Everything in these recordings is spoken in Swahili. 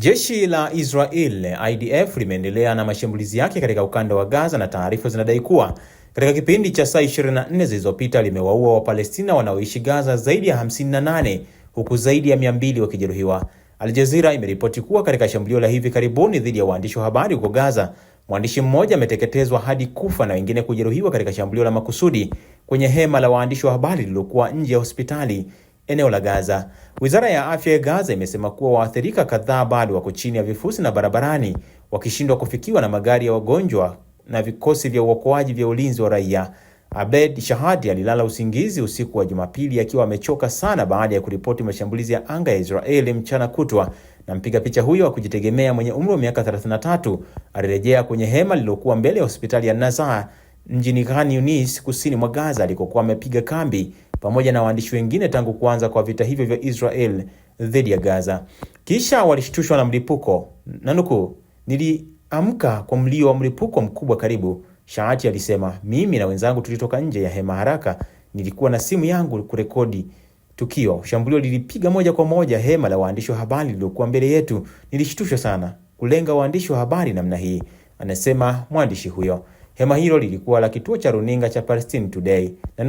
Jeshi la Israel IDF limeendelea na mashambulizi yake katika ukanda wa Gaza na taarifa zinadai kuwa katika kipindi cha saa 24 zilizopita limewaua Wapalestina wanaoishi Gaza zaidi ya 58 huku zaidi ya 200 wakijeruhiwa. Al Jazeera imeripoti kuwa katika shambulio la hivi karibuni dhidi ya waandishi wa habari huko Gaza, mwandishi mmoja ameteketezwa hadi kufa na wengine kujeruhiwa katika shambulio la makusudi kwenye hema la waandishi wa habari lililokuwa nje ya hospitali eneo la Gaza. Wizara ya afya ya Gaza imesema kuwa waathirika kadhaa bado wako chini ya vifusi na barabarani, wakishindwa kufikiwa na magari ya wagonjwa na vikosi vya uokoaji vya ulinzi wa raia. Abed Shahadi alilala usingizi usiku wa Jumapili akiwa amechoka sana baada ya kuripoti mashambulizi ya anga ya Israeli mchana kutwa. Na mpiga picha huyo wa kujitegemea mwenye umri wa miaka 33 alirejea kwenye hema lililokuwa mbele ya hospitali ya Nazar mjini Khan Yunis, kusini mwa Gaza, alikokuwa amepiga kambi pamoja na waandishi wengine tangu kuanza kwa vita hivyo vya Israel dhidi ya Gaza. Kisha walishtushwa na mlipuko na niliamka kwa mlio wa mlipuko mkubwa karibu, Shaati alisema. Mimi na wenzangu tulitoka nje ya hema haraka, nilikuwa na simu yangu kurekodi tukio. Shambulio lilipiga moja kwa moja hema la waandishi wa habari lililokuwa mbele yetu. Nilishtushwa sana kulenga waandishi wa habari namna hii, anasema mwandishi huyo. Hema hilo lilikuwa la kituo cha runinga cha Palestine Today na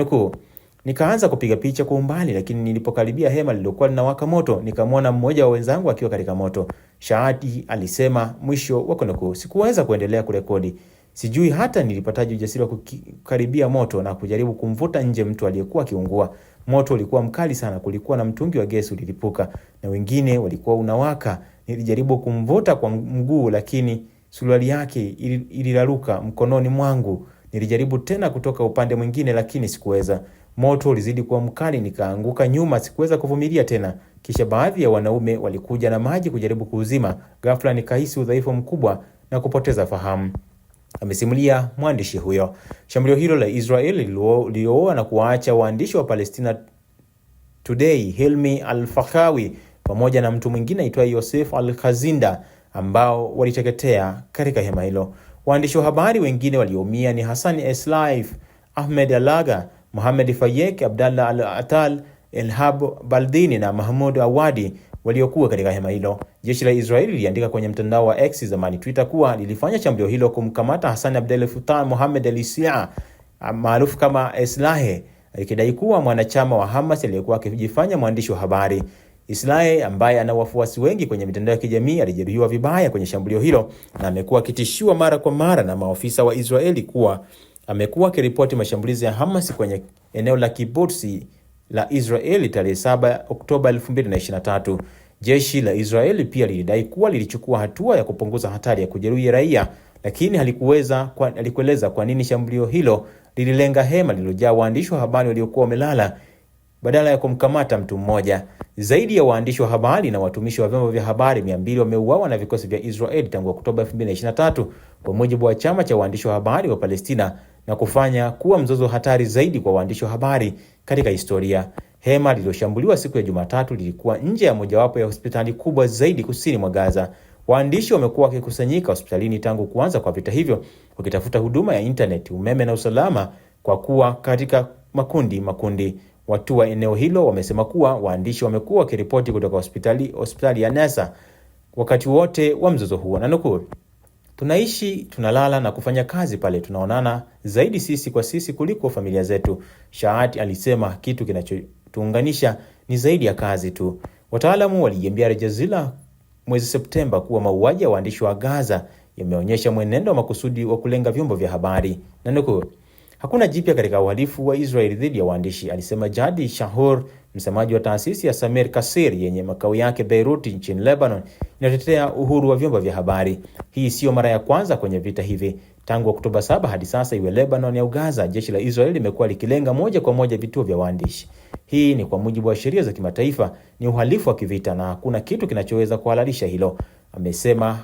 Nikaanza kupiga picha kwa umbali, lakini nilipokaribia hema lililokuwa linawaka moto nikamwona mmoja wa wenzangu akiwa katika moto. Shahadi alisema mwisho wa kunukuu. Sikuweza kuendelea kurekodi. Sijui hata nilipataje ujasiri wa kukaribia moto na kujaribu kumvuta nje mtu aliyekuwa akiungua. Moto ulikuwa mkali sana, kulikuwa na mtungi wa gesi ulilipuka na wengine walikuwa unawaka. Nilijaribu kumvuta kwa mguu, lakini suruali yake ililaruka mkononi mwangu. Nilijaribu tena kutoka upande mwingine, lakini sikuweza. Moto ulizidi kuwa mkali, nikaanguka nyuma, sikuweza kuvumilia tena. Kisha baadhi ya wanaume walikuja na maji kujaribu kuuzima. Ghafla nikahisi udhaifu mkubwa na kupoteza fahamu, amesimulia mwandishi huyo. Shambulio hilo la Israel lilioua na kuwaacha waandishi wa Palestina Today Hilmi Al-Fakhawi pamoja na mtu mwingine aitwaye Yosef al khazinda ambao waliteketea katika hema hilo. Waandishi wa habari wengine walioumia ni Hassan Eslaif, Ahmed Alaga, Mohamed Fayek, Abdallah Al Atal, Elhab Baldini na Mahmud Awadi waliokuwa katika hema hilo. Jeshi la Israeli liliandika kwenye mtandao wa X, zamani Twitter, kuwa lilifanya shambulio hilo kumkamata Hassan Abdel Fattah Mohamed Alisia maarufu kama Eslahe, ikidai kuwa mwanachama wa Hamas aliyekuwa akijifanya mwandishi wa habari. Israel ambaye ana wafuasi wengi kwenye mitandao ya kijamii alijeruhiwa vibaya kwenye shambulio hilo na amekuwa akitishiwa mara kwa mara na maofisa wa Israeli kuwa amekuwa akiripoti mashambulizi ya Hamas kwenye eneo la Kibbutzi la Israeli tarehe 7 Oktoba 2023. Jeshi la Israeli pia lilidai kuwa lilichukua hatua ya kupunguza hatari ya kujeruhi raia, lakini halikuweza kwa, halikueleza kwa nini shambulio hilo lililenga hema lililojaa waandishi wa habari waliokuwa wamelala badala ya kumkamata mtu mmoja. Zaidi ya waandishi wa habari na watumishi wa vyombo vya habari 200 wameuawa na vikosi vya Israeli tangu Oktoba 2023 kwa mujibu wa chama cha waandishi wa habari wa Palestina na kufanya kuwa mzozo hatari zaidi kwa waandishi wa habari katika historia. Hema lililoshambuliwa siku ya Jumatatu lilikuwa nje ya mojawapo ya hospitali kubwa zaidi kusini mwa Gaza. Waandishi wamekuwa wakikusanyika hospitalini tangu kuanza kwa vita hivyo, wakitafuta huduma ya intaneti, umeme na usalama kwa kuwa katika makundi makundi. Watu wa eneo hilo wamesema kuwa waandishi wamekuwa wakiripoti kutoka hospitali hospitali ya Nasa wakati wote wa mzozo huo, na nukuu, tunaishi tunalala na kufanya kazi pale, tunaonana zaidi sisi kwa sisi kuliko familia zetu. Shahat alisema kitu kinachotuunganisha ni zaidi ya kazi tu. Wataalamu waliiambia Al Jazeera mwezi Septemba kuwa mauaji ya waandishi wa Gaza yameonyesha mwenendo wa makusudi wa kulenga vyombo vya habari, na nukuu Hakuna jipya katika uhalifu wa Israeli dhidi ya waandishi, alisema Jadi Shahor, msemaji wa taasisi ya Samir Kasir yenye makao yake Beiruti nchini Lebanon, inayotetea uhuru wa vyombo vya habari. Hii siyo mara ya kwanza kwenye vita hivi. Tangu Oktoba 7 hadi sasa, iwe Lebanon au Gaza, jeshi la Israeli limekuwa likilenga moja kwa moja vituo vya waandishi. Hii ni kwa mujibu wa sheria za kimataifa, ni uhalifu wa kivita na hakuna kitu kinachoweza kuhalalisha hilo, amesema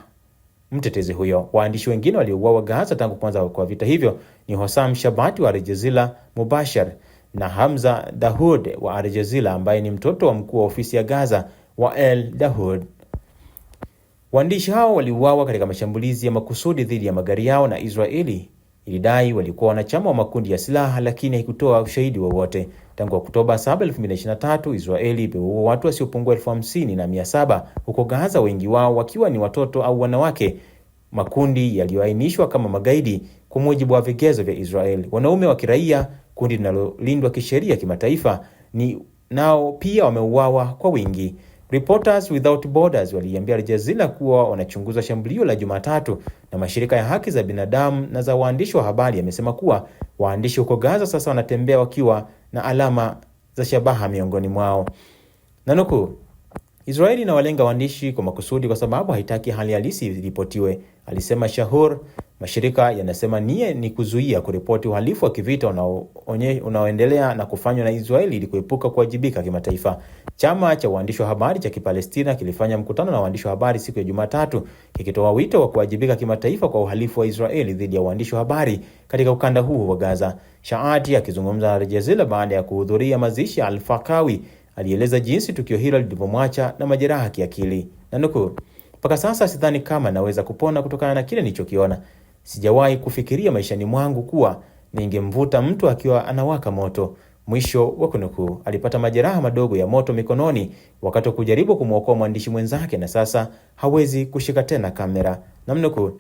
mtetezi huyo. Waandishi wengine waliouawa Gaza tangu kuanza kwa vita hivyo ni hosam Shabati wa Al Mubashar na Hamza dahud wa Al ambaye ni mtoto wa mkuu wa ofisi ya Gaza wa el dahud Waandishi hao waliuawa katika mashambulizi ya makusudi dhidi ya magari yao na Israeli ilidai walikuwa wanachama wa makundi ya silaha lakini haikutoa ushahidi wowote. Tangu Oktoba 7, 2023, Israeli imeua watu wasiopungua elfu hamsini na mia saba huko Gaza, wengi wao wakiwa ni watoto au wanawake, makundi yaliyoainishwa kama magaidi kwa mujibu wa vigezo vya Israeli. Wanaume wa kiraia, kundi linalolindwa kisheria kimataifa, ni nao pia wameuawa kwa wingi. Reporters Without Borders waliiambia jazila kuwa wanachunguza shambulio la Jumatatu, na mashirika ya haki za binadamu na za waandishi wa habari yamesema kuwa waandishi huko Gaza sasa wanatembea wakiwa na alama za shabaha miongoni mwao. nanuku Israeli inawalenga waandishi kwa makusudi kwa sababu haitaki hali halisi iripotiwe, alisema Shahur Mashirika yanasema nia ni kuzuia kuripoti uhalifu wa kivita unaoendelea na kufanywa na Israeli ili kuepuka kuwajibika kimataifa. Chama cha waandishi wa habari cha Kipalestina kilifanya mkutano na waandishi wa habari siku ya Jumatatu kikitoa wito wa kuwajibika kimataifa kwa uhalifu wa Israeli dhidi ya waandishi wa habari katika ukanda huu wa Gaza. Shaati akizungumza na Al Jazeera baada ya kuhudhuria mazishi ya Al-Fakawi alieleza jinsi tukio hilo lilivyomwacha na majeraha kiakili na mpaka sasa sidhani kama naweza kupona kutokana na kile nilichokiona. Sijawahi kufikiria maishani mwangu kuwa ningemvuta mtu akiwa anawaka moto. Mwisho wa kunukuu. Alipata majeraha madogo ya moto mikononi wakati wa kujaribu kumwokoa mwandishi mwenzake, na sasa hawezi kushika tena kamera. Namnukuu,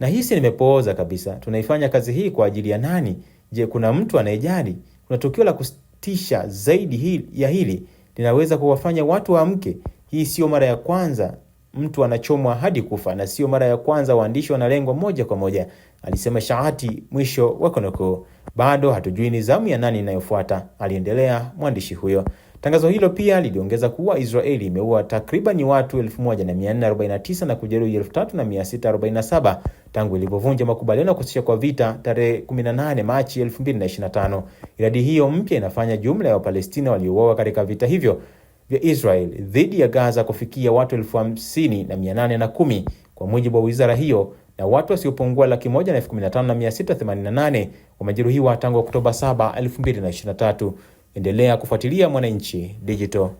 nahisi nimepooza kabisa. Tunaifanya kazi hii kwa ajili ya nani? Je, kuna mtu anayejali? Kuna tukio la kutisha zaidi hili, ya hili linaweza kuwafanya watu waamke. Hii sio mara ya kwanza mtu anachomwa hadi kufa na sio mara ya kwanza waandishi wanalengwa moja kwa moja, alisema Shaati. Mwisho wa kunukuu. Bado hatujui ni zamu ya nani inayofuata, aliendelea mwandishi huyo. Tangazo hilo pia liliongeza kuwa Israeli imeua takribani watu 1449 na kujeruhi 3647 tangu ilipovunja makubaliano ya kusitisha kwa vita tarehe 18 Machi 2025. Idadi hiyo mpya inafanya jumla ya Wapalestina waliouawa katika vita hivyo vya Israel dhidi ya Gaza kufikia watu elfu kwa mujibu wa wizara hiyo, na watu wasiopungua laki moja na elfu wamejeruhiwa tangu Oktoba 7, 2023. Endelea kufuatilia Mwananchi Digital.